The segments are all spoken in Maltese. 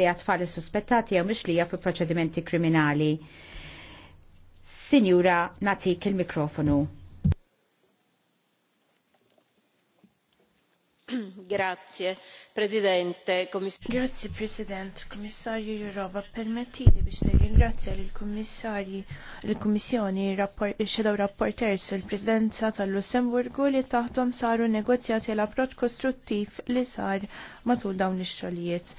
li għatfali suspettati jew mixlija fi proċedimenti kriminali. Sinjura, natik il-mikrofonu. Grazie, Presidente. Commiss Grazie, President. Kommissarju Jurova, permettili biex nirringrazzja l-Kommissarji, l-Kommissjoni, il-Shadow Rapporters u l-Presidenza tal-Lussemburgu li taħtom saru negozjati l-approċ kostruttiv li sar matul dawn ix-xogħlijiet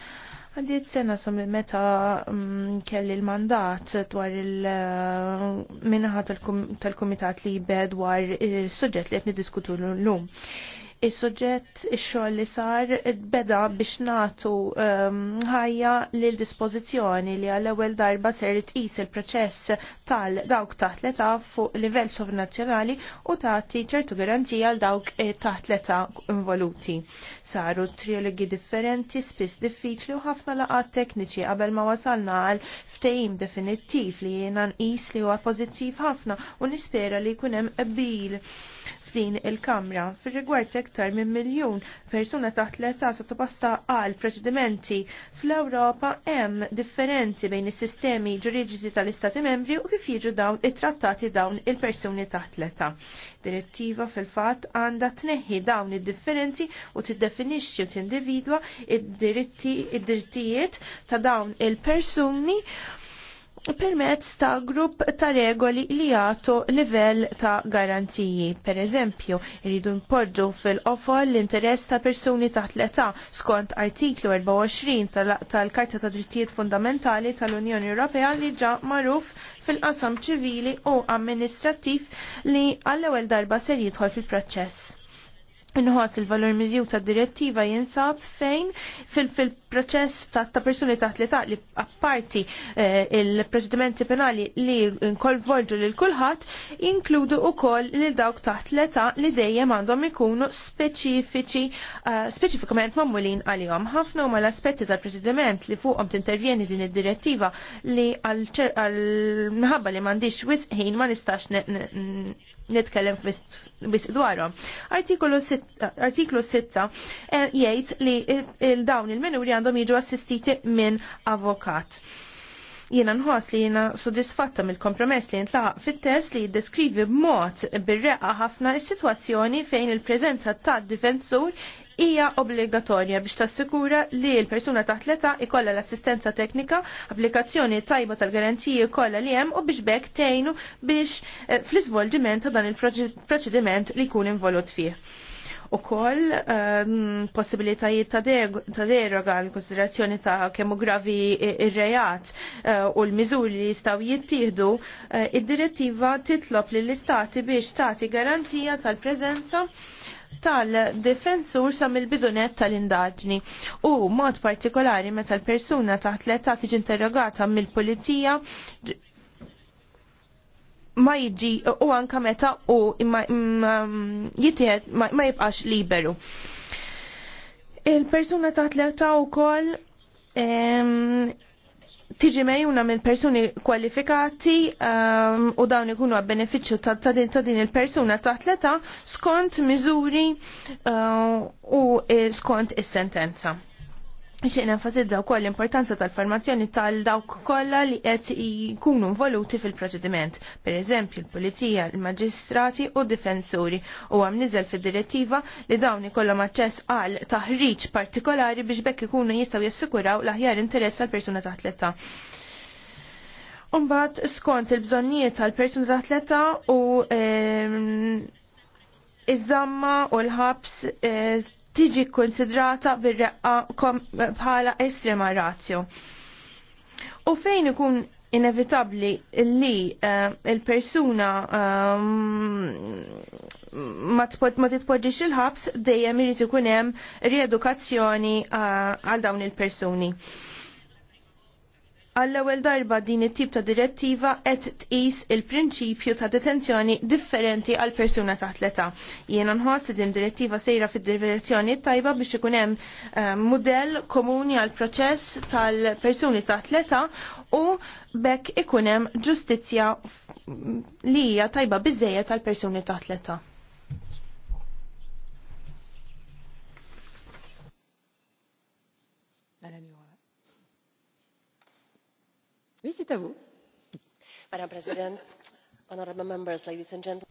t sena sam meta mm, kelli l-mandat dwar il-minaħa tal-Komitat Libe dwar il-sujġet li għetni diskutu l-lum is-suġġett ix-xogħol li sar beda biex nagħtu um, ħajja um, lil dispożizzjoni li għall ewwel darba ser tqis il-proċess tal dawk taħt l-età fuq livell sovnazzjonali u tagħti ċertu garanzija għal dawk eh, taħt l-età involuti. Saru triologi differenti, spiss diffiċli u ħafna laqat tekniċi qabel ma wasalna għal ftehim definittiv li jiena nqis li huwa pożittiv ħafna u nispera li jkun hemm qbil f'din il-Kamra fir-rigward iktar minn miljun persuna taħt l-età sottopasta għal proċedimenti fl-Ewropa hemm differenti bejn is-sistemi ġuridiċi tal-Istati membri u kif jiġu dawn it-trattati dawn il-persuni taħt l-età. Direttiva fil-fatt għandha tneħħi dawn id differenti u tiddefinixxi u tindividwa id-drittijiet ta' dawn il-persuni permezz ta' grupp ta' regoli li jagħtu livell ta' garanziji. Per eżempju, irridu nporġu fil-qofol l-interess ta' persuni ta' tleta skont artiklu 24 tal-Karta ta' Drittijiet Fundamentali tal-Unjoni Ewropea li ġa magħruf fil-qasam ċivili u amministrattiv li għall-ewwel darba ser jidħol fil-proċess. Inħoss il-valur miżju ta' direttiva jinsab fejn fil-, -fil proċess ta', ta persuni taħt li apparti eh, il-proċedimenti penali li nkolvolġu lil kulħadd inkludu wkoll li dawk ta' tleta li dejjem għandhom ikunu speċifiċi uh, speċifikament mamulin għalihom. Ħafna huma l-aspetti tal-proċediment li fuqhom tintervjeni din id-direttiva li għal-mħabba li m'għandix wisħin ma nistax nitkellem bis dwarhom. Artiklu 6 eh, jgħid li il-dawn il menuri għandhom jiġu assistiti minn avokat. Jiena nħoss li jiena sodisfatta mill-kompromess li jintlaq fit-test li jiddeskrivi b'mod bir-reqqa ħafna is-sitwazzjoni fejn il-preżenza ta' difensur hija obbligatorja biex tassikura li l-persuna taħt l-età ikolla l-assistenza teknika, applikazzjoni tajba tal-garanziji kollha li hemm u biex bekk tgħinu biex eh, fl-iżvolġiment ta' dan il-proċediment li jkun involut fih u koll ehm, possibilitajiet ta' deroga l-konsiderazzjoni ta' kemmu gravi il rejat eh, u l-miżuri li jistaw jittieħdu, eh, id-direttiva titlob li l-istati biex tati garanzija tal-prezenza tal-defensur sa mill-bidunet tal-indaġni u mod partikolari meta l-persuna taħt l-età tiġi interrogata mill-pulizija ma jiġi u anka meta u jitjed ma jibqax liberu. Il-persuna ta' tleta u kol tiġi mejuna minn persuni kwalifikati u dawn ikunu għab beneficju ta' din ta' din il-persuna ta' tleta skont miżuri u skont is-sentenza. Xejn enfasizza wkoll l-importanza tal-formazzjoni tal-dawk kollha li qed jkunu involuti fil-proċediment, per eżempju l-pulizija, il-maġistrati u difensuri u għam niżel fid-direttiva li dawn ikollhom aċċess għal taħriġ partikolari biex bekk ikunu jistgħu jassikuraw l-aħjar interess tal-persuna taħt l Umbat skont il-bżonnijiet tal-persuna ta' l u ehm, iż-żamma u l-ħabs eh, tiġi konsidrata reqqa bħala estrema razzjo. U fejn ikun inevitabli li uh, il-persuna eh, ma titpoġġix il-ħabs dejjem irid ikun hemm riedukazzjoni eh, għal uh, dawn il-persuni għall-ewwel darba din it-tip ta' direttiva qed tqis il-prinċipju ta' detenzjoni differenti għal persuna ta' tleta. Jiena nħoss din direttiva sejra fid-direzzjoni tajba biex ikun hemm uh, mudell komuni għal proċess tal-persuni ta' tleta u bekk ikun hemm ġustizzja li hija tajba biżejjed tal-persuni ta' tleta. madam president honourable members ladies and gentlemen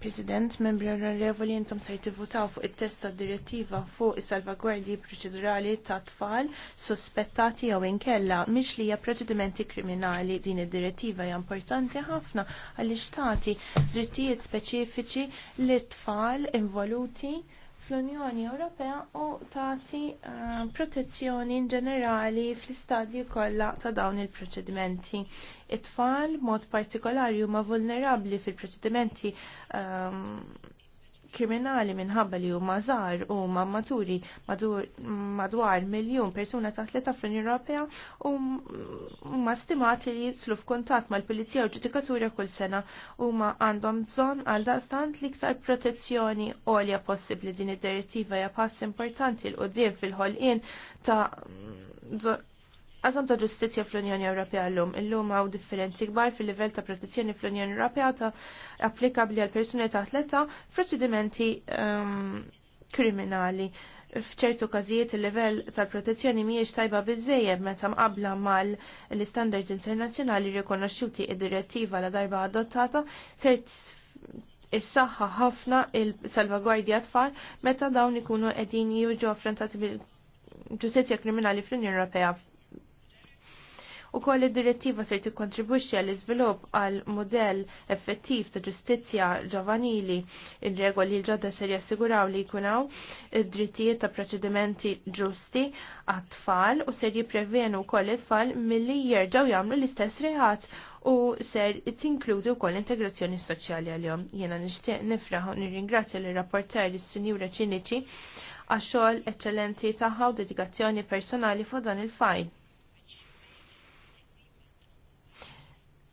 President, membri onorevoli, intom se votaw fuq it-test tad direttiva fuq is-salvagwardji proċedurali ta' tfal suspettati jew inkella mhix li hija proċedimenti kriminali din id-direttiva hija importanti ħafna għall-istati drittijiet speċifiċi li tfal involuti fl-Unjoni Ewropea u tagħti eh, protezzjoni ġenerali fl-istadji kollha ta' dawn il-proċedimenti. It-tfal mod partikolari huma vulnerabbli fil-proċedimenti um, kriminali minħabba li huma żgħar huma maturi madwar miljun persuna taħt l-età fl-Unjoni Ewropea u huma stimati li jitlu f'kuntatt mal-Pulizija u Ġudikatura kull sena huma għandhom bżonn għal dastant l-iktar protezzjoni għolja possibbli din id-direttiva hija pass importanti l qudiem fil-ħolqien ta' Għazam ta' ġustizja fl-Unjoni Ewropea l-lum, l-lum għaw differenzi gbar fil-livell ta' protezzjoni fl-Unjoni Ewropea ta' applikabli għal persuni ta' atleta f'proċedimenti um, ehm, kriminali. F'ċertu każijiet il-livell tal-protezzjoni mhijiex tajba biżejjed meta mqabla mal l-istandards internazzjonali rikonoxxuti id-direttiva la darba adottata ser is-saħħa ħafna il-salvagwardja tfal meta dawn ikunu qegħdin jiġu affrontati bil ġustizja kriminali fl-Unjoni Ewropea U koll id-direttiva se tikkontribwixxi għall iżvilupp għal modell effettiv ta' ġustizzja ġovanili. Ir-regoli l-ġodda ser jassiguraw li jkunaw id-drittijiet ta' proċedimenti ġusti għat-tfal u ser jipprevenu wkoll it-tfal milli jerġgħu jagħmlu l-istess reħat u ser tinkludi wkoll integrazzjoni soċjali għal-jom. Jena nixtieq nifraħ u nirringrazzja l-rapporter is-Sinjura Ċiniċi għax-xogħol eċċellenti tagħha u dedikazzjoni personali fuq dan il fajn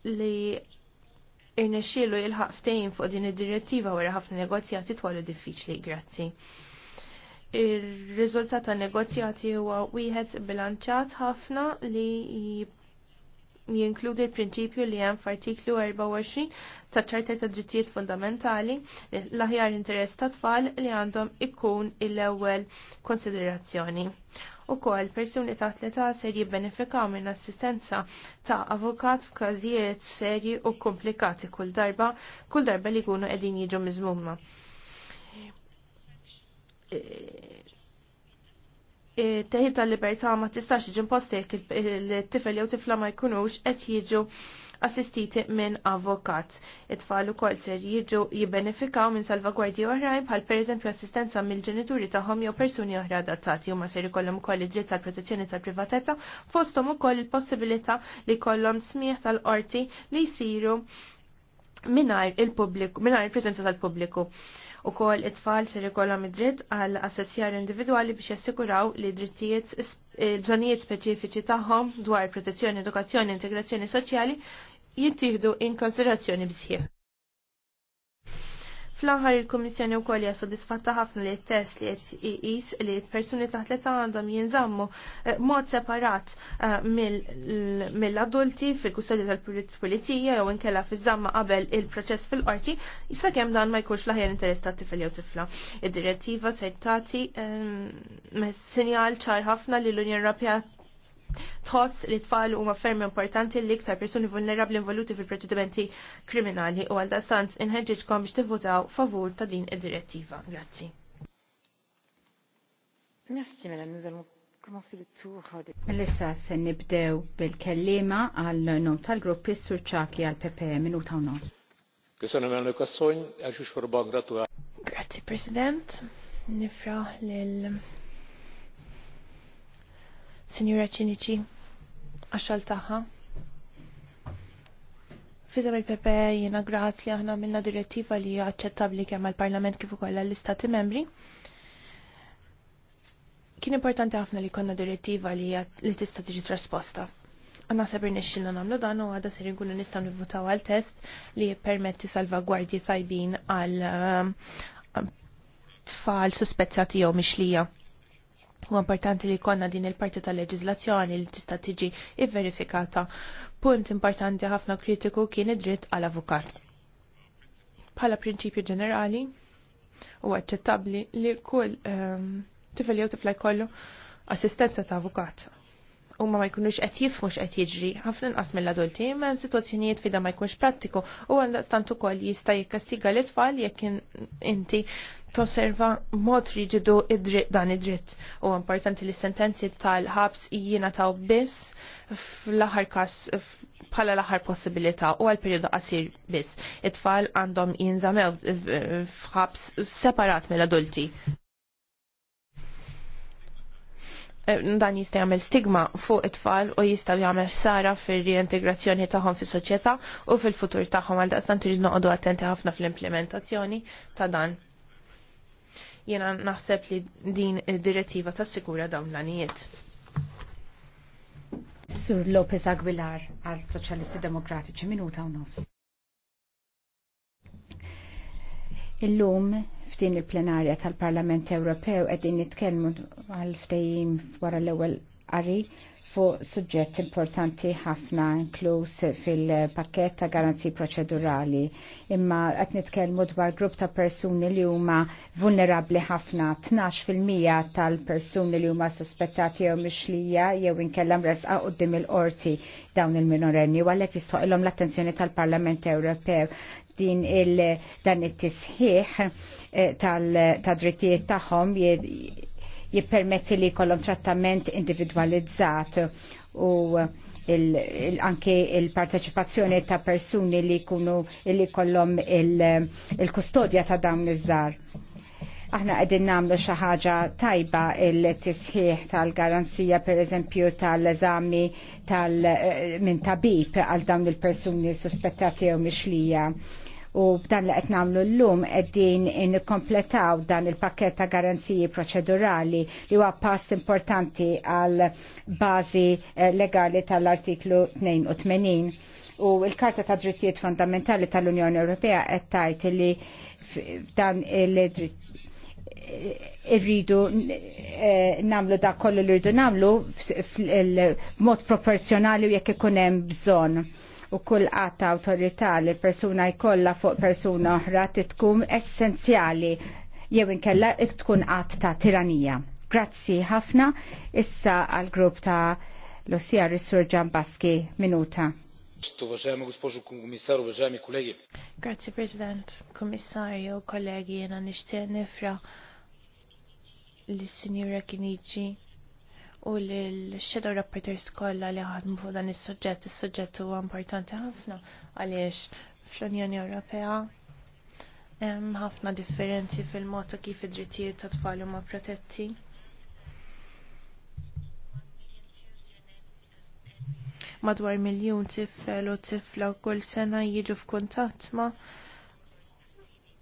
li irnexxielu jilħaq ftehim fuq din id-direttiva wara ħafna negozjati twalu diffiċli, grazzi. Ir-riżultat tan negozjati huwa wieħed bilanċat ħafna li jinkludi l-prinċipju li hemm f'artiklu 24 ta' ċarta ta' drittijiet fundamentali l-aħjar interess ta' tfal li għandhom ikkun il-ewwel konsiderazzjoni. U kol persuni ta' tleta ser jibbenefikaw minn assistenza ta' avukat f'każijiet serji u komplikati kull darba, kull darba li jkunu qegħdin jiġu miżmumma. E, teħid tal-libertà ma tistax ġimpostek il-tifel jew tifla ma jkunux qed jiġu assistiti minn avokat. It-tfal ukoll ser jiġu jibbenefikaw minn salvagwardji oħrajn bħal pereżempju assistenza mill-ġenituri tagħhom jew persuni oħra adattati huma ser ikollhom ukoll id-dritt tal-protezzjoni tal-privatezza fosthom ukoll il-possibilità li kollhom smieħ tal-qorti li jsiru minar il-pubbliku, minar il-preżenza tal-pubbliku. il pubbliku minar il preżenza tal pubbliku il tal pubbliku U kol it-tfal ser ikollhom id-dritt għal assessjar individwali biex jassikuraw li drittijiet eh, bżonijiet speċifiċi tagħhom dwar protezzjoni, edukazzjoni, integrazzjoni soċjali jittieħdu in konsiderazzjoni bisħieħ. Fl-aħħar il-Kummissjoni wkoll hija sodisfatta ħafna li t-test li qed iqis li persuni taħt l-età għandhom jinżammu eh, mod separat eh, mill-adulti fil-kustodja tal-pulizija jew inkella fiż-żamma qabel il-proċess fil-qorti sakemm dan ma jkunx l-aħjar interess tat tifel jew tifla. Id-direttiva se tagħti ehm, sinjal ċar ħafna li l-Unjoni Ewropea tħoss li tfal huma ferm importanti li iktar persuni vulnerabli involuti fil-proċedimenti kriminali u għal dastant inħeġġitkom biex tivvutaw favur ta' din id-direttiva. Grazzi. Merci, madame. Nous allons Melissa, se nibdew bil-kellima għal-nom tal-gruppi surċaki għal-PPE minuta u nofs. Kisanem għannu kassoin, għaxu xorban gratu Grazie, President. Nifra lil Signora Cinici, għaxħal taħħa. Fizem il pepe jena grat li aħna minna direttiva li għacċettabli kemm għal-Parlament kif ukoll għall-Istati membri. Kien importanti ħafna li konna direttiva li, li tista' tiġi trasposta. Għanna sabir nixxilna namlu dan u għada ser nkunu nistgħu nivvutaw għal test li jippermetti salvagwardji tajbin għal um, tfal suspettati jew mixlija. U importanti li konna din il-parti tal-leġizlazzjoni li tista' tiġi verifikata. Punt importanti ħafna kritiku kien id-dritt għal avukat. Bħala prinċipju ġenerali, u għacċettabli li kull um, tifel jew tifla jkollu assistenza ta' avukat u ma jkunux qed jifmux qed jiġri. Ħafna nqas mill-adulti hemm sitwazzjonijiet f'idha ma jkunx prattiku u għandaqstant ukoll jista' jikkastiga l-itfal jekk inti tosserva mod riġidu id-dritt dan id-dritt. U importanti li sentenzi tal-ħabs jiena taw biss fl-aħħar każ bħala l-aħħar possibilità u għal periodu qasir biss. It-tfal għandhom jinżamew f'ħabs separat mill-adulti. Eh, dan jista' jagħmel stigma fuq it-tfal u jista' jagħmel sara fir-reintegrazzjoni tagħhom fis-soċjetà u fil-futur tagħhom għal daqstant irid noqogħdu attenti ħafna fl-implementazzjoni ta' dan. Jena naħseb li din id-direttiva tassikura dawn l-anijiet. Sur Lopez Aguilar għal Soċjalisti Demokratiċi minuta u nofs. Illum f'din il-plenarja tal-Parlament Ewropew qegħdin nitkellmu għal ftehim wara l-ewwel qari fuq suġġett importanti ħafna inkluż fil-pakket ta' garanzi proċedurali. Imma qed nitkellmu dwar grupp ta' persuni li huma vulnerabbli ħafna, 12% tal-persuni li huma suspettati jew mixlija jew inkellem resqa qudiem il-qorti dawn il-minorenni u għalhekk jistoqilhom l-attenzjoni tal-Parlament Ewropew din il dan it-tisħiħ eh, tal-drittijiet tagħhom jippermetti li kollom trattament individualizzat u il, il, anke il-parteċipazzjoni ta' persuni li kunu li kollom il-kustodja il ta' dawn iż-żar. Aħna qegħdin nagħmlu xi ħaġa tajba il-tisħiħ tal-garanzija pereżempju tal-eżami tal, eh, min tabib għal dawn il-persuni suspettati jew mixlija u b'dan li qed nagħmlu llum qegħdin nikkompletaw dan il-pakket ta' garanziji proċedurali li huwa pass importanti għal bażi eh, legali tal-artiklu 82 u l-Karta ta' Drittijiet Fundamentali tal-Unjoni Ewropea qed tajt li f'dan il-dritt irridu eh, namlu da kollu li rridu namlu f'mod proporzjonali u jekk ikun hemm bżonn u kull għatta autorità li persuna jkollha fuq persuna oħra titkun essenzjali jew inkella tkun għat ta' tiranija. Grazzi ħafna issa għal grupp ta' l-ossija Rissur Ġambaski minuta. Grazzi President, Komissarju, kollegi, jena nishtiq nifra l-Sinjura Kiniġi u l-shadow rapporters kollha li ħadmu fuq dan is-suġġett, is-suġġett huwa importanti ħafna għaliex fl-Unjoni Ewropea hemm ħafna differenzi fil-mod ta' kif id-drittijiet ta' tfal huma protetti. Madwar miljun tifel u tifla kull sena jiġu f'kuntatt ma'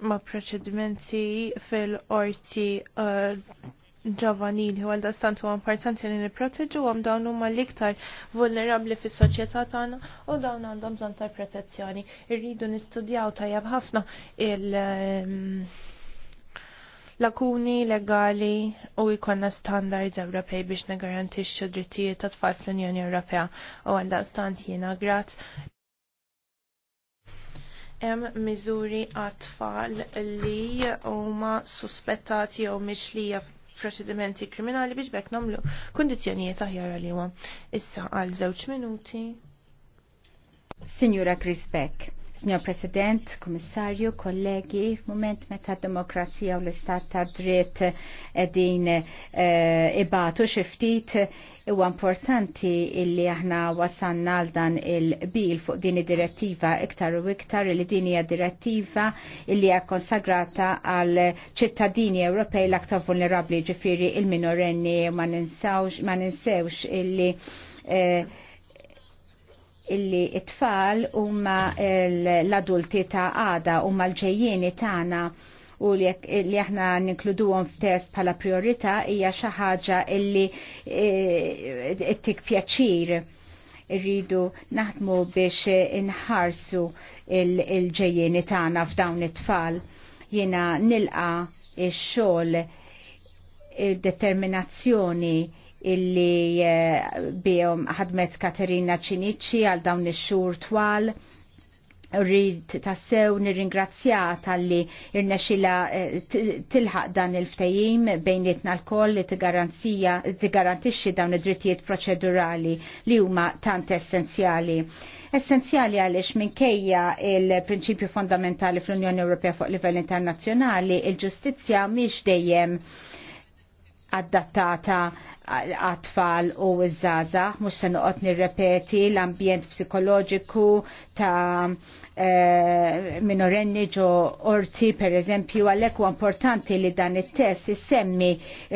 ma' proċedimenti fil-qorti uh, ġavanil, u għalda stant huwa importanti li nipproteġu għam dawn huma l-iktar vulnerabli fis soċjetà tagħna u dawn għandhom bżonn ta' protezzjoni. Irridu nistudjaw tajjeb ħafna il- ehm, lakuni legali u jkollna standards Ewropej biex negarantixxu drittijiet ta' tfal fl-Unjoni Ewropea u għal stant jiena grat hemm miżuri għat-tfal li huma suspettati jew mixlija proċedimenti kriminali biex bekk nagħmlu kondizjonijiet aħjar għal Issa għal żewġ minuti. Signora Chris Beck. Signor President, Komissarju, kollegi, moment meta demokrazija u l-istat ta' dritt din eh, ibatu xiftit huwa importanti illi aħna wasanna għal dan il-bil fuq din id-direttiva iktar u iktar li din hija direttiva illi hija konsagrata għal ċittadini Ewropej l-aktar vulnerabbli ġifieri il-minorenni ma ninsewx illi eh, illi it-tfal huma l-adulti ta' għada huma l-ġejjieni tagħna u li aħna ninkluduhom f'test bħala priorità hija xi ħaġa illi eh, tik pjaċir irridu naħdmu biex inħarsu il-ġejjieni tagħna f'dawn it-tfal. Jiena nilqa' ix-xogħol il-determinazzjoni id determinazzjoni il illi eh, bihom ħadmet Katerina Ċinici għal dawn ix-xhur twal rrid tassew nirringrazzja tal-li irnexila eh, tilħaq dan il-ftajim bejnietna l-koll li t-garantixxi dawn id-drittijiet proċedurali li huma tant essenzjali essenzjali għalix minkejja il-prinċipju fondamentali fl-Unjoni Ewropea fuq livell internazzjonali, il-ġustizja miex dejjem adattata għat-tfal u iż-żaza, mux se noqgħod nirrepeti l-ambjent psikoloġiku ta' Eh, minorenni ġo orti per eżempju għalek u importanti li dan it-test jissemmi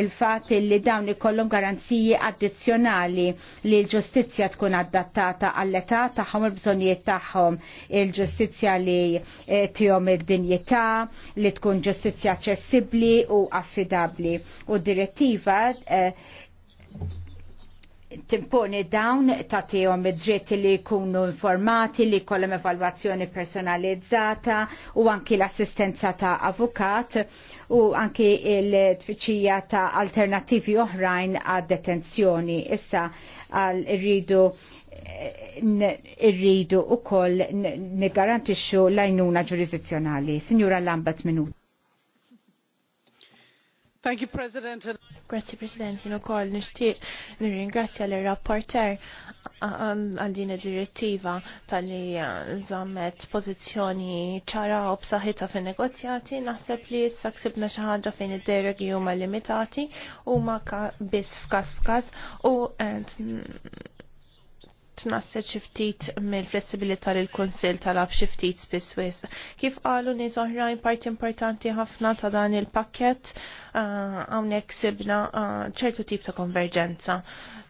il-fat li dawn ikollhom garanziji addizzjonali li l-ġustizja tkun adattata għall-età tagħhom il-bżonijiet tagħhom il-ġustizja li eh, tijom id-dinjità li tkun ġustizja aċċessibbli u affidabbli u direttiva eh, timponi dawn tatijom id dritti li jkunu informati, li kollem evalwazzjoni personalizzata u anki l-assistenza ta' avukat u anki il-tfittxija ta' alternativi oħrajn għad detenzjoni. Issa għal irridu irridu u koll nigarantixxu l-għajnuna ġurisdizzjonali. Signora Lambert Minut. Thank you, President. Grazie, President. Jino kol nishtiq nirringrazzja l-rapporter għal din direttiva tal-li zammet eh, pozizjoni ċara u b'saħħitha fin negozjati Naħseb li issa ksibna xi ħaġa fejn id-deregi huma limitati huma biss f'każ f'każ u tnasser xiftit mill-flessibilità li l-Konsil talab xiftit spiss wis. Kif qalu nies oħrajn parti importanti ħafna ta' dan il-pakket ah, hawnhekk sibna ah, ċertu tip ta' konverġenza.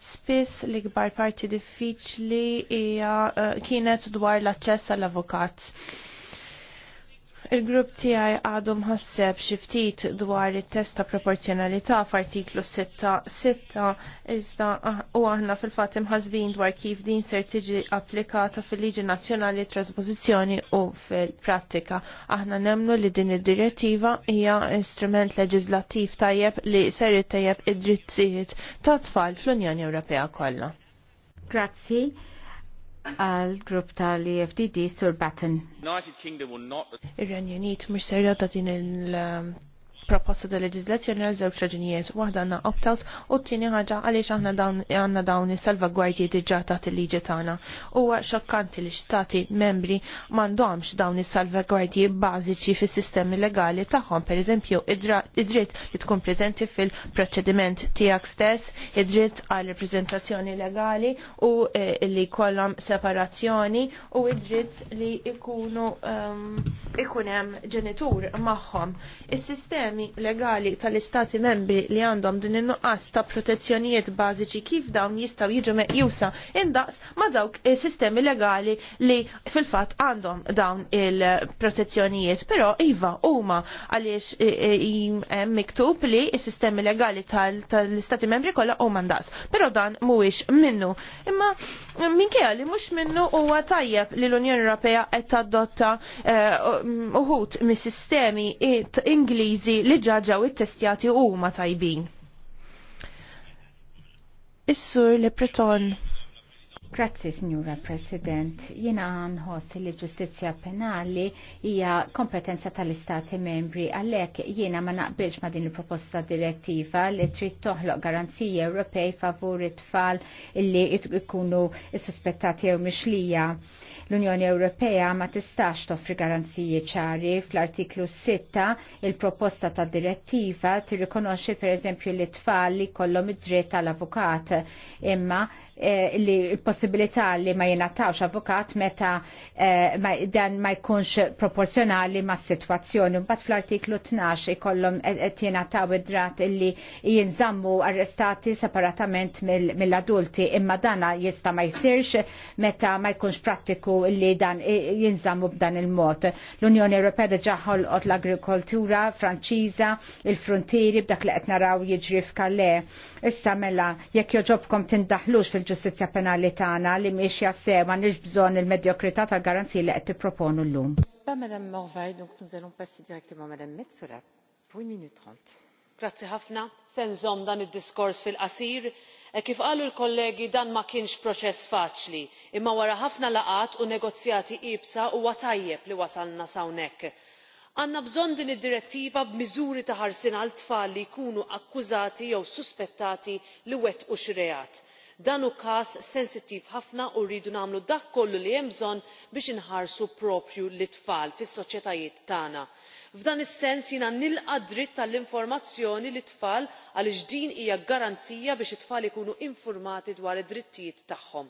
Spiss li kbar parti diffiċli hija ah, kienet dwar l-aċċess għall-avukat. Il-grupp tiegħi għadu mħasseb xi ftit dwar it-test ta' proporzjonalità f'artiklu 6-6 iżda ah, u aħna fil-fatt imħasbin dwar kif din ser tiġi applikata fil-liġi nazzjonali trasposizzjoni u fil-prattika. Aħna nemmnu li din id-direttiva hija instrument leġislattiv tajjeb li ser tajjeb id-drittijiet ta' tfal fl-Unjoni Ewropea kollha. Grazzi għal grupp tal-EFDD Sur Batten. United Kingdom will not... Ir-Renju Unit mhux ser din il- proposta ta' leġizlazzjoni għal żewġ raġunijiet. Waħda għandna opt-out u t-tieni ħaġa għaliex aħna għandna dawn is-salvagwardji diġà taħt il-liġi tagħna. Huwa xokkanti li xtati membri m'għandhomx dawn is-salvagwardji bażiċi fis-sistemi legali tagħhom, pereżempju id-dritt li tkun preżenti fil-proċediment tiegħek stess, id-dritt għal reprezentazzjoni legali u eh, li kollhom separazzjoni u id-dritt li ikunu ehm, ikun hemm ġenitur magħhom. Is-sistemi sistemi legali tal-istati membri li għandhom din in-nuqqas ta' protezzjonijiet bażiċi kif dawn jistgħu jiġu meqjusa indaqs ma' dawk sistemi legali li fil-fatt għandhom dawn il-protezzjonijiet. Però iva huma għaliex e, e, e, miktub li s-sistemi legali tal-istati membri kollha huma ndaqs. Però dan mhuwiex minnu. Imma minkejja li mhux minnu huwa tajjeb li l-Unjoni Ewropea qed tadotta uħut mis-sistemi Ingliżi li ġaġaw it-testjati u ma tajbin. Is-sur li preton Grazzi, Signora President. Jena għanħos li ġustizja penali hija kompetenza tal-Istati membri għalhekk jiena ma naqbilx ma din il-proposta direttiva li trid toħloq garanziji Ewropej favur it-tfal illi ikunu suspettati jew mixlija. L-Unjoni Ewropea ma tistax toffri garanziji ċari fl-artiklu 6 il-proposta ta' direttiva tirrikonoxxi pereżempju li t-tfal li kollhom id-dritt tal-avukat imma eh, li possibilità li ma jenatawx avukat meta eh, ma, dan ma jkunx proporzjonali ma' situazzjoni. Mbagħad fl-artiklu 12 ikollhom qed jenataw id-drat illi jinżammu arrestati separatament mill-adulti mil imma dana jista' ma jsirx meta ma jkunx prattiku illi dan jinżammu b'dan il-mod. L-Unjoni Ewropea diġà ħolqot l-agrikoltura Franċiża, il-frontieri b'dak li qed naraw jiġri f'Kalle. Issa mela jekk joġobkom tindaħlux fil-ġustizzja penali ta' tagħna li miexja jassema m'għandniex bżonn il-medjokrità tal garanzija li qed tipproponu llum. Madame Morvay, donc nous allons passer directement Madame Metzola pour 1 minute 30. Grazzi ħafna, senżom dan id-diskors fil-qasir, e kif qalu l-kollegi dan ma kienx proċess faċli, imma wara ħafna laqat u negozjati ibsa huwa tajjeb li wasalna sawnek Għanna bżonn din id-direttiva b'miżuri ta' ħarsien għal tfal li jkunu akkużati jew suspettati li wet u reat dan hu każ sensittiv ħafna u rridu nagħmlu dak kollu li hemm bżonn biex inħarsu proprju lit tfal fis-soċjetajiet tagħna. f'dan is-sens jiena nilqa dritt tal-informazzjoni lit tfal għaliex din hija garanzija biex it-tfal ikunu infurmati dwar id-drittijiet tagħhom.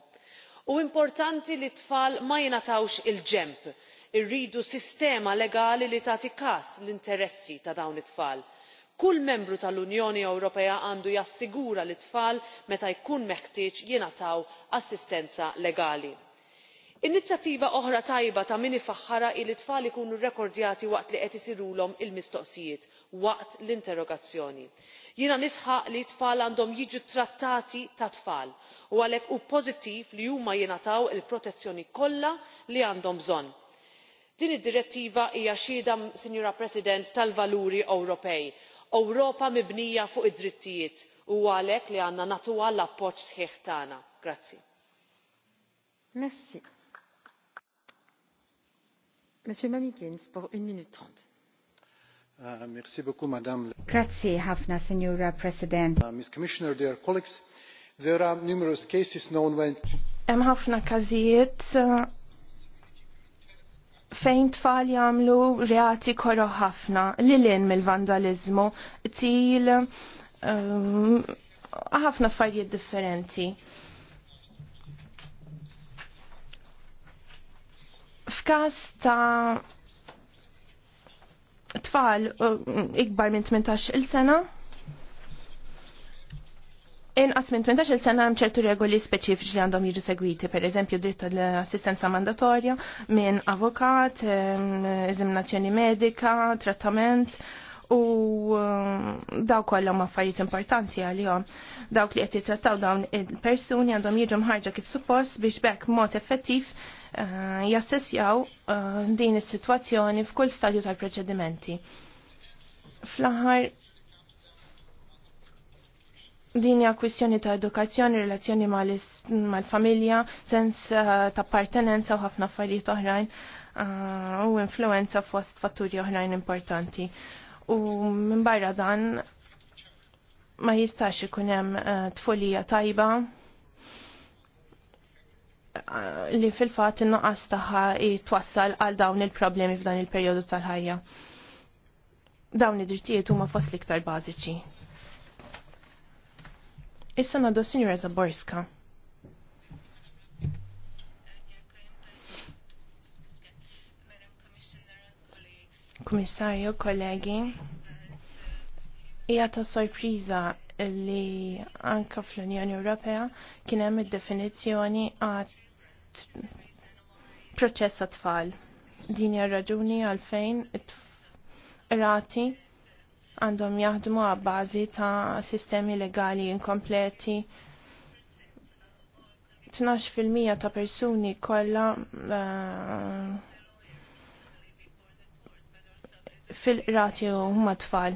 u importanti li t-tfal ma jingħatawx il ġenb irridu sistema legali li tagħti każ l interessi ta' dawn it tfal kull membru tal-unjoni ewropea għandu jassigura li t tfal meta jkun meħtieġ jingħataw assistenza legali. inizjattiva oħra tajba ta' min ifaħħarha hi li t tfal ikunu rrekordjati waqt li qed isirulhom il mistoqsijiet waqt l-interrogazzjoni. jiena nisħaq li t tfal għandhom jiġu trattati ta' tfal u għalhekk hu pożittiv li huma jingħataw il protezzjoni kollha li għandhom bżonn. din id direttiva hija xhieda sinjura president tal valuri ewropej ewropa mibnija fuq id-drittijiet u għalhekk li għandna nagħtuha l-appoġġ sħiħ tagħna. Grazzi uh, Signora President. Uh, Ms. Commissioner, dear colleagues, there are numerous cases known when fejn tfal jagħmlu reati korro ħafna lilin mill-vandalizmu, til um, ħafna um, affarijiet differenti. F'każ ta' tfal uh, ikbar minn 18 il-sena, Inqas minn 18 sena hemm ċertu regoli speċifiċi li għandhom jiġu segwiti, per eżempju dritt tal-assistenza mandatorja minn avukat, eżaminazzjoni medika, trattament u daw kollha ma affarijiet importanti għalihom. Dawk li qed jittrattaw dawn il-persuni għandhom jiġu mħarġa kif suppost biex bekk mod effettiv eh, jassessjaw eh, din is-sitwazzjoni f'kull stadju tal-proċedimenti. Fl-aħħar Din hija kwistjoni ta' edukazzjoni, relazzjoni mal-familja, sens eh, ta' appartenenza u ħafna affarijiet oħrajn eh, u influenza fost fatturi oħrajn importanti. U minn barra dan ma jistax ikun hemm eh, tfolija tajba li fil-fatt in tagħha jitwassal għal dawn il-problemi f'dan il-perjodu tal-ħajja. Dawn id-drittijiet huma fost l-iktar bażiċi. Issa nadu Signora Zaborska. Komissarju, kollegi, hija ta' sorpriża li anka fl-Unjoni Ewropea kien hemm id-definizzjoni għat proċess tfal. Din hija raġuni għalfejn rati għandhom jaħdmu għabbażi ta' sistemi legali inkompleti. 12% ta' persuni kollha uh, eh, fil-ratju huma tfal.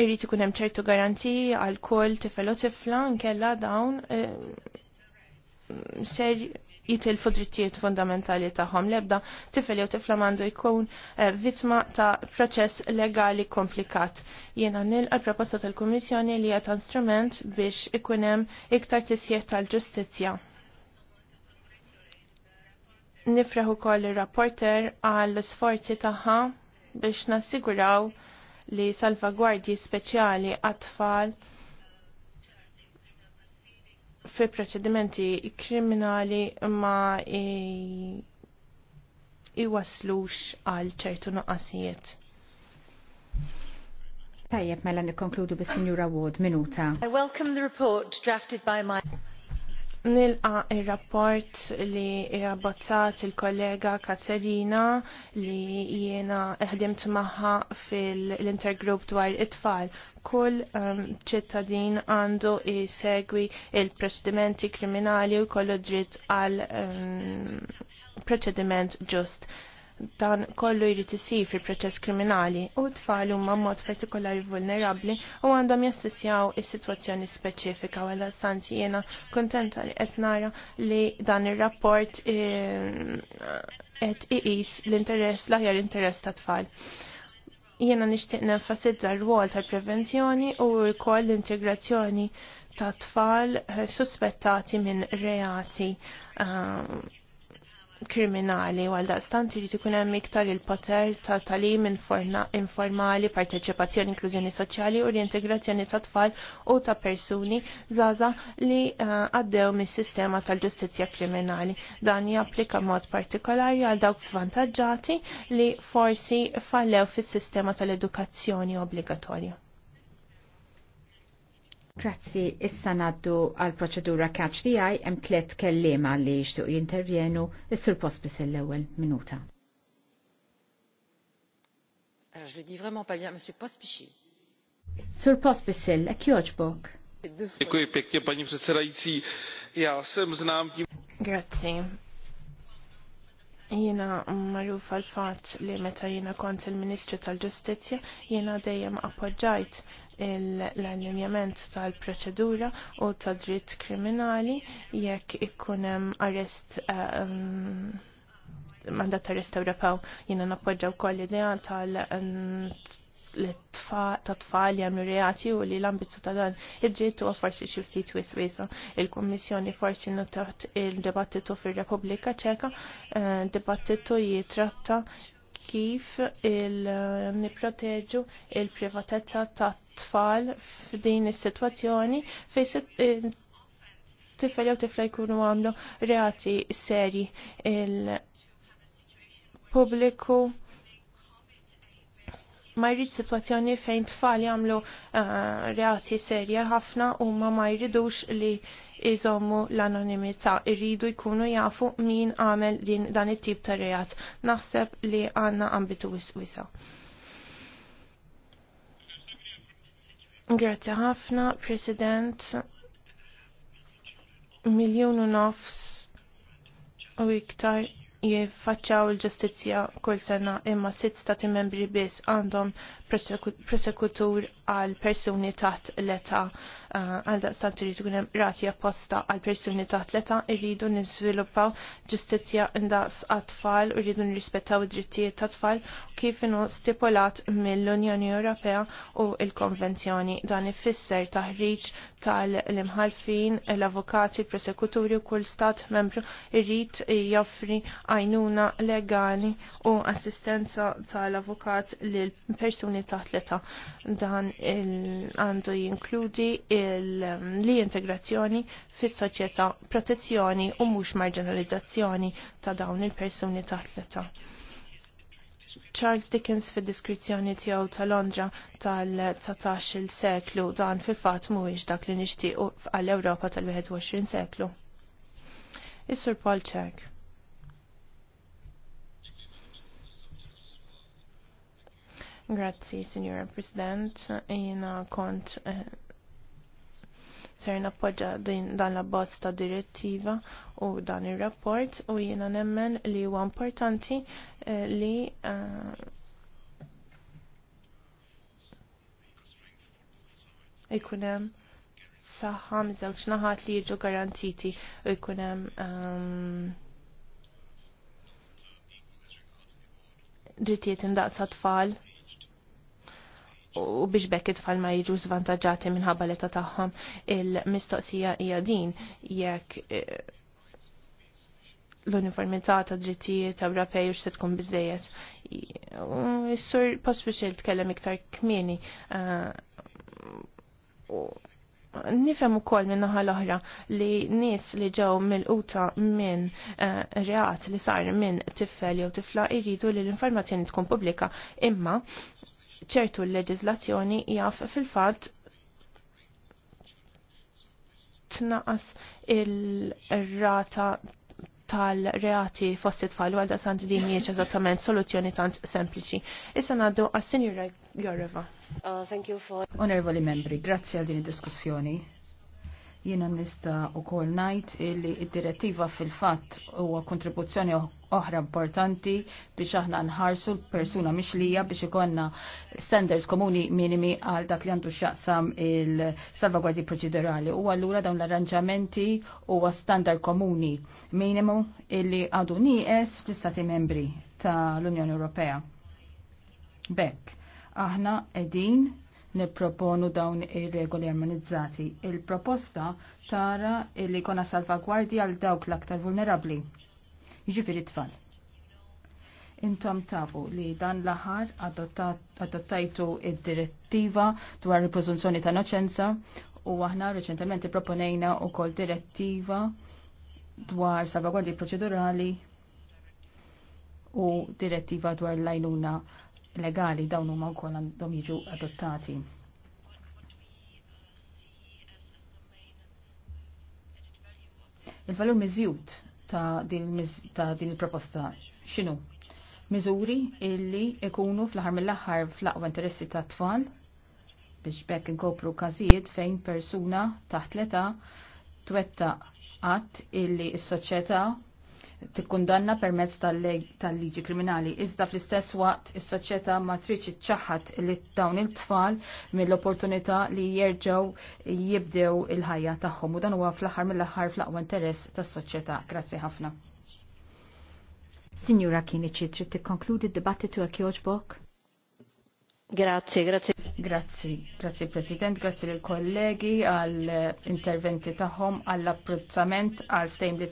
Irrid ikun hemm ċertu garanti għal kull tifel u tifla nkella dawn uh, ser jitil drittijiet fundamentali tagħhom lebda tifel jew tifla mandu jkun eh, vittma ta' proċess legali komplikat. Jiena nilqa proposta tal-Kummissjoni li hija instrument biex ikun hemm iktar tisjiet tal-ġustizzja. Nifraħ ukoll ir-rapporter għall sforzi tagħha biex nassiguraw li salvagwardji speċjali għat-tfal fi proċedimenti kriminali ma iwaslux għal ċertu noqqasijiet. Tajjeb mela nikkonkludu bis-Sinjura Wood minuta. I welcome the report drafted by my Nilqa il-rapport li rabbozzat il-kollega Katerina li jiena eħdim maħħa fil-intergroup dwar it-tfal. Kull ehm, ċittadin għandu jisegwi il-procedimenti kriminali u kollu dritt għal um, proċediment ġust dan kollu jrid isir fil-proċess kriminali u tfal huma mod partikolari vulnerabbli u għandhom jassistjaw is-sitwazzjoni speċifika u sant jiena kontenta li qed nara li dan ir-rapport eh, qed iqis l-interess l-aħjar interess ta' tfal. Jiena nixtieq nenfasizza r-rwol tal-prevenzjoni u wkoll l-integrazzjoni ta' tfal eh, suspettati minn reati eh, kriminali għal daqstant irid ikun hemm iktar il-poter ta' talim informali, parteċipazzjoni, inklużjoni soċjali u l-integrazzjoni ta' tfal u ta' persuni żgħażagħ li eh, għaddew mis-sistema tal-ġustizzja kriminali. Dan japplika mod partikolari għal dawk svantaġġati li forsi fallew fis-sistema tal-edukazzjoni obbligatorja. Grazzi, issa naddu għal proċedura catch di għaj, hemm tlet kellima li jixtuq jintervjenu, is-sur bis l-ewwel minuta. Alors, je le dis vraiment pas bien, monsieur Pospisil. Sur Pospisil, ek joġbok. Děkuji pěkně, paní předsedající. Já jsem znám tím... Grazie. Jena marruf għal-fat li meta jena kont il-Ministru tal-Ġustizja jena dejjem appoġġajt l annimjament tal-proċedura u tad-dritt kriminali jekk ikun hemm arrest eh, mm, mandat arrest Ewropew jiena nappoġġaw wkoll idea tal mm, ta' tfal jagħmlu reati u li l-ambitu ta' dan id-dritt huwa forsi xi ftit wisa. Il-Kummissjoni forsi notat il-dibattitu fir-Repubblika Ċeka, eh, dibattitu jitratta kif il-niproteġu eh, il-privatezza ta' tfal f'din is-sitwazzjoni fej eh, tifel jew tifla jkunu għamlu reati seri il-pubbliku ma jrid situazzjoni fejn tfal jagħmlu eh, reati serje ħafna u ma ma jridux li jżommu l-anonimità, irridu jkunu jafu min għamel din dan it-tip ta' reat. Naħseb li għanna ambitu wisa. Grazie ħafna, President. Miljonu nofs u iktar jiffaċċaw il-ġustizzja kull sena imma sitt stati membri biss għandhom prosekutur għal persuni taħt l-età għal daqstant irrid ikun hemm rati apposta għal persuni ta' atleta irridu niżviluppaw ġustizzja indaqs tfal u rridu nirrispettaw id-drittijiet ta' tfal kif inhu stipulat mill-Unjoni Ewropea u l-Konvenzjoni dan ifisser taħriġ tal-imħalfin, l-avukati, prosekuturi u kull stat membru irrid joffri għajnuna legali u assistenza tal-avukat l persuni ta' atleta dan għandu jinkludi il l-integrazzjoni fis-soċjetà, protezzjoni u mhux marginalizzazzjoni ta' dawn il-persuni ta' tleta. Charles Dickens fid-diskrizzjoni tiegħu ta' Londra tal-19 il seklu dan fil-fatt mhuwiex dak li nixtiequ għall-Ewropa tal-21 seklu. Is-Sur Paul Cech. Grazzi, Signora President. Jina kont eh, ser nappoġġa dan l-abbozz ta' direttiva u dan ir-rapport u jiena nemmen li huwa importanti eh, li eh, ikun hemm saħħa miżewġ naħat li jiġu garantiti u jkun hemm ehm, drittijiet indaqsa tfal u biex bekk it-tfal ma jiġu zvantagġati minħabba l-età tagħhom il-mistoqsija hija din jekk eh, l-uniformità ta' drittijiet Ewropej u se tkun biżejjed. Is-sur Pospiċil tkellem iktar kmieni. Eh, nifhem ukoll minn naħa l-oħra li nies li ġew mill-quta minn eh, reat li sar minn tifel jew tifla jridu li l-informazzjoni tkun pubblika imma ċertu l-leġizlazzjoni jaf fil-fatt tnaqas il-rata tal-reati fossi tfal u għalda sant din miex eżattament soluzzjoni tant sempliċi. Issa naddu għas senjura Jorreva. Uh, thank you for... Onorevoli membri, grazzi għal din id-diskussjoni. Jiena nista u kol najt illi id-direttiva fil-fat huwa kontribuzzjoni oħra importanti biex aħna nħarsu l-persuna mixlija biex ikonna standards komuni minimi għal dak li għandu xaqsam il salvaguardi proċedurali. U għallura dawn l-arranġamenti u standard komuni minimu illi għadu nieqes fl-istati membri ta' l-Unjoni Ewropea. Bekk, aħna edin niproponu dawn ir-regoli armonizzati. Il-proposta tara illi kona salvagwardi għal dawk l-aktar vulnerabli jiġifieri tfal. Intom tafu li dan l-aħħar adottajtu id-direttiva dwar il-preżunzjoni ta' noċenza u aħna reċentement proponejna wkoll direttiva dwar salvagwardji proċedurali u direttiva dwar l-lajnuna legali dawn huma wkoll għandhom jiġu adottati. Il-valur miżjud ta' din il-proposta xinu? Miżuri illi ikunu fl-ħar mill-aħħar fl-aqwa interessi ta' tfal biex bekk inkopru każijiet fejn persuna taħt l-età twetta qatt illi s-soċjetà tikkundanna permezz tal-liġi kriminali. Iżda fl-istess waqt is-soċjetà ma triċi ċaħat li dawn il tfal mill-opportunità li jerġgħu jibdew il-ħajja tagħhom u dan huwa fl-aħħar mill-aħħar fl-aqwa interess tas-soċjetà. Grazzi ħafna. Signora Kinici, trid tikkonkludi d-dibattitu għak joġbok? Grazzi, grazzi. Grazzi, grazzi President, grazzi lill kollegi għall interventi tagħhom għall apprezzament għal ftejm li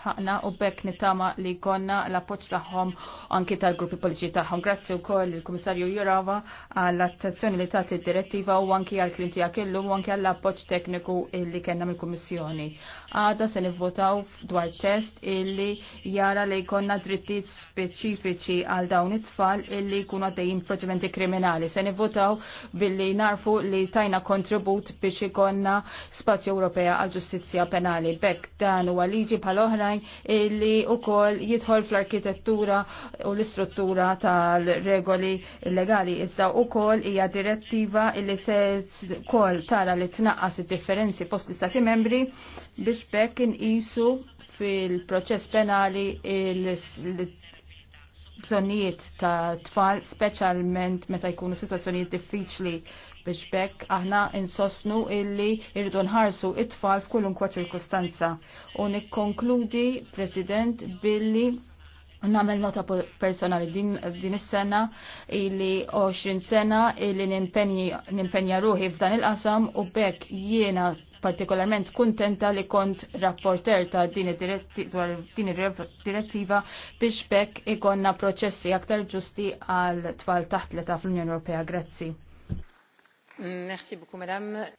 ħaqna u bekk nitama li konna l-appoġġ tagħhom anki tal-gruppi politiċi tagħhom. Grazzi wkoll il-Kummissarju Jurava għall attenzjoni li tagħti direttiva u anki għal klinti għakillu u anki għall appoġġ tekniku illi kellna mill-Kummissjoni. Għada se nivvotaw dwar test illi jara li jkollna drittijiet speċifiċi għal dawn it-tfal illi jkunu għaddejjin proċedimenti kriminali. Se nivvotaw nivvotaw billi narfu li tajna kontribut biex ikonna spazju Ewropea għal ġustizzja penali. Bekk dan huwa liġi bħal oħrajn li wkoll jidħol fl-arkitettura u l-istruttura tal-regoli legali. Iżda wkoll hija direttiva li se wkoll tara li tnaqqas id-differenzi fost l-istati membri biex bekk inqisu fil-proċess penali il bżonnijiet ta' tfal, specialment meta jkunu situazzjonijiet diffiċli biex bekk aħna insostnu illi irridu nħarsu it-tfal f'kulunkwa ċirkustanza. U nikkonkludi, President, billi Namel nota personali din, din is-sena illi 20 sena illi nimpenja ruħi f'dan il-qasam u bekk jiena partikolarment kuntenta li kont rapporter ta' din id-direttiva biex bekk ikonna proċessi aktar ġusti għal tfal taħt l fl-Unjoni Ewropea. Grazzi. Merci beaucoup, madame.